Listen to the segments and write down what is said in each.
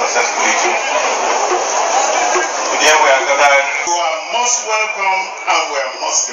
successfully too. Today we are gathered. You are most welcome and we are most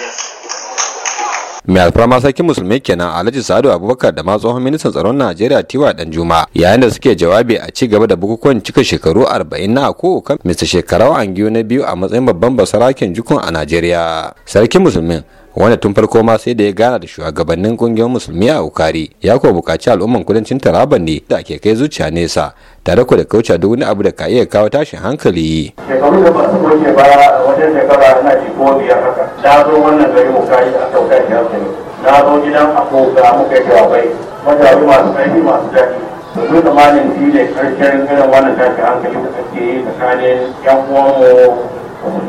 mai alfarma sarkin musulmi kenan alhaji sadu abubakar da ma tsohon ministan tsaron najeriya tiwa danjuma yayin da suke jawabi a ci gaba da bukukuwan cika shekaru 40 na ako kan mr shekarau angiyo na biyu a matsayin babban basarakin jukun a najeriya sarkin musulmin wanda tun farko ma sai da ya gana da shugabannin kungiyar musulmi a ukari ya kuwa bukaci al'umman kudancin taraban ne da ke kai zuciya nesa tare ku da kauce duk wani abu da ka iya kawo tashin hankali. shekaru da masu goce ba wajen shekara ina ji ko biya haka na zo wannan gari ukari a saukar yankin na zo gidan ga muka yi jawabai mutane masu ƙarfi masu daɗi domin zamanin shi ne karshen irin wannan tashin hankali da kake tsakanin yan uwanmu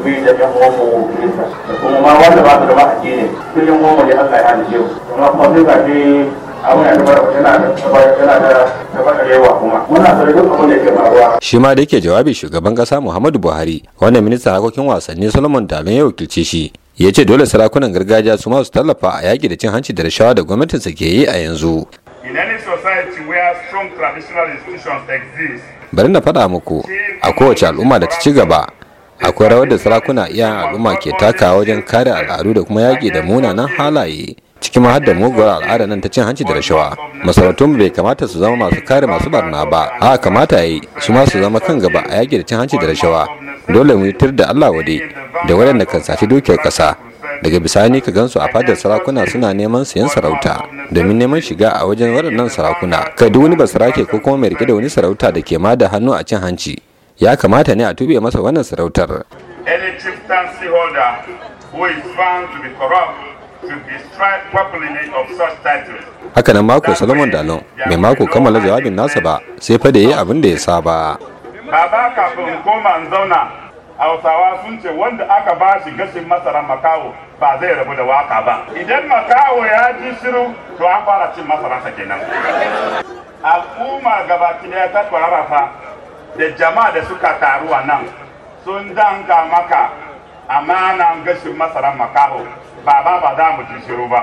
da shi ma da yake jawabi shugaban kasa muhammadu buhari wanda ministan harkokin wasanni solomon dalon ya wakilce shi ya ce dole sarakunan gargajiya su masu tallafa a yaƙi da cin hanci da rashawa da su ke yi a yanzu bari na faɗa muku a kowace al'umma da ta ci gaba akwai rawar da sarakuna iya al'umma ke takawa wajen kare al'adu da kuma yaƙi da munanan halaye cikin har da muguwar al'ada nan ta cin hanci da rashawa masarautun bai kamata su zama masu kare masu barna ba a kamata yi, su ma su zama kan gaba a yaƙi da cin hanci da rashawa dole mu yi da Allah wade da waɗanda kan saci dukiyar ƙasa daga bisani ka gansu a fadar sarakuna suna neman sayan sarauta domin neman shiga a wajen waɗannan sarakuna kai duk wani basarake ko kuma mai rike da wani sarauta da ke ma da hannu a cin hanci ya kamata ne a tube masa wannan sarautar any chieftaincy Hakanan mako Solomon Dalon mai mako kammala jawabin nasa ba sai fa da yi abin da ya saba. Baba kafin koma in zauna Hausawa sun ce wanda aka ba shi gashin masara makawo ba zai rabu da waka ba. Idan makawo ya ji shiru to an fara cin masararsa kenan. Al'umma gaba ɗaya ta kwararrafa da jama'a da suka taru a nan sun danga maka amanan gashin masaran makaho ba ba ba za mu ji ba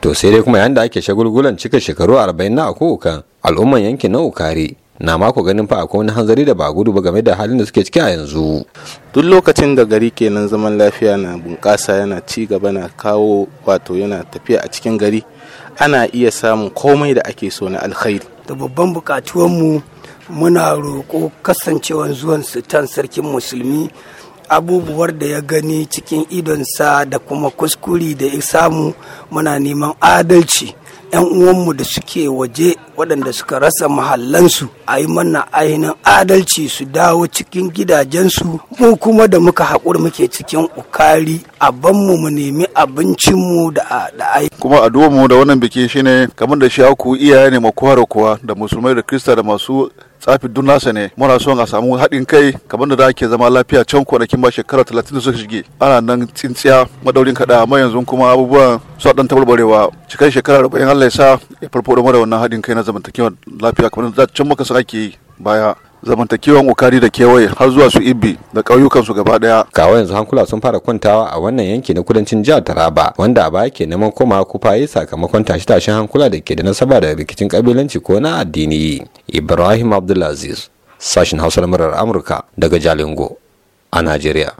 to sai dai kuma yanda ake shagulgulan cika shekaru 40 na akuka al'umman yankin na ukari na mako ganin fa akwai wani hanzari da ba gudu ba game da halin da suke ciki a yanzu duk lokacin da gari kenan zaman lafiya na bunƙasa yana ci gaba na kawo wato yana tafiya a cikin gari ana iya samun komai da ake so na alkhairi da babban bukatuwanmu muna roƙo kasancewan zuwan sultan sarkin musulmi abubuwar da ya gani cikin idonsa da kuma kuskuri da ya samu muna neman adalci 'yan uwanmu da suke waje waɗanda suka rasa mahallansu a yi mana ainihin adalci su dawo cikin gidajensu mu kuma da muka haƙuri muke cikin ukari a banmu mu nemi abincinmu da ai kuma a mu da wannan biki shine kamar da shi ku iyaye ne makuwa da kuwa da musulmai da krista da masu tsafi dun nasa ne muna son a samu haɗin kai kamar da ake zama lafiya can kwanakin ba shekara talatin da suka shige ana nan tsintsiya madaurin kaɗa amma yanzu kuma abubuwan su ɗan tabarbarewa cikin shekara arba'in allah ya sa ya farfaɗo mana wannan haɗin kai na zamantakewa lafiya kamar da can muka san ake yi baya zamantakewan ukari da kewaye har zuwa su ibbi da ƙauyukansu gaba ɗaya. kawo yanzu hankula sun fara kwantawa a wannan yanki na kudancin jihar taraba wanda a baya ke neman koma kufaye sakamakon tashe-tashen hankula da ke da nasaba da rikicin kabilanci ko na addini ibrahim abdulaziz sashin hausa na murar amurka daga jalingo a najeriya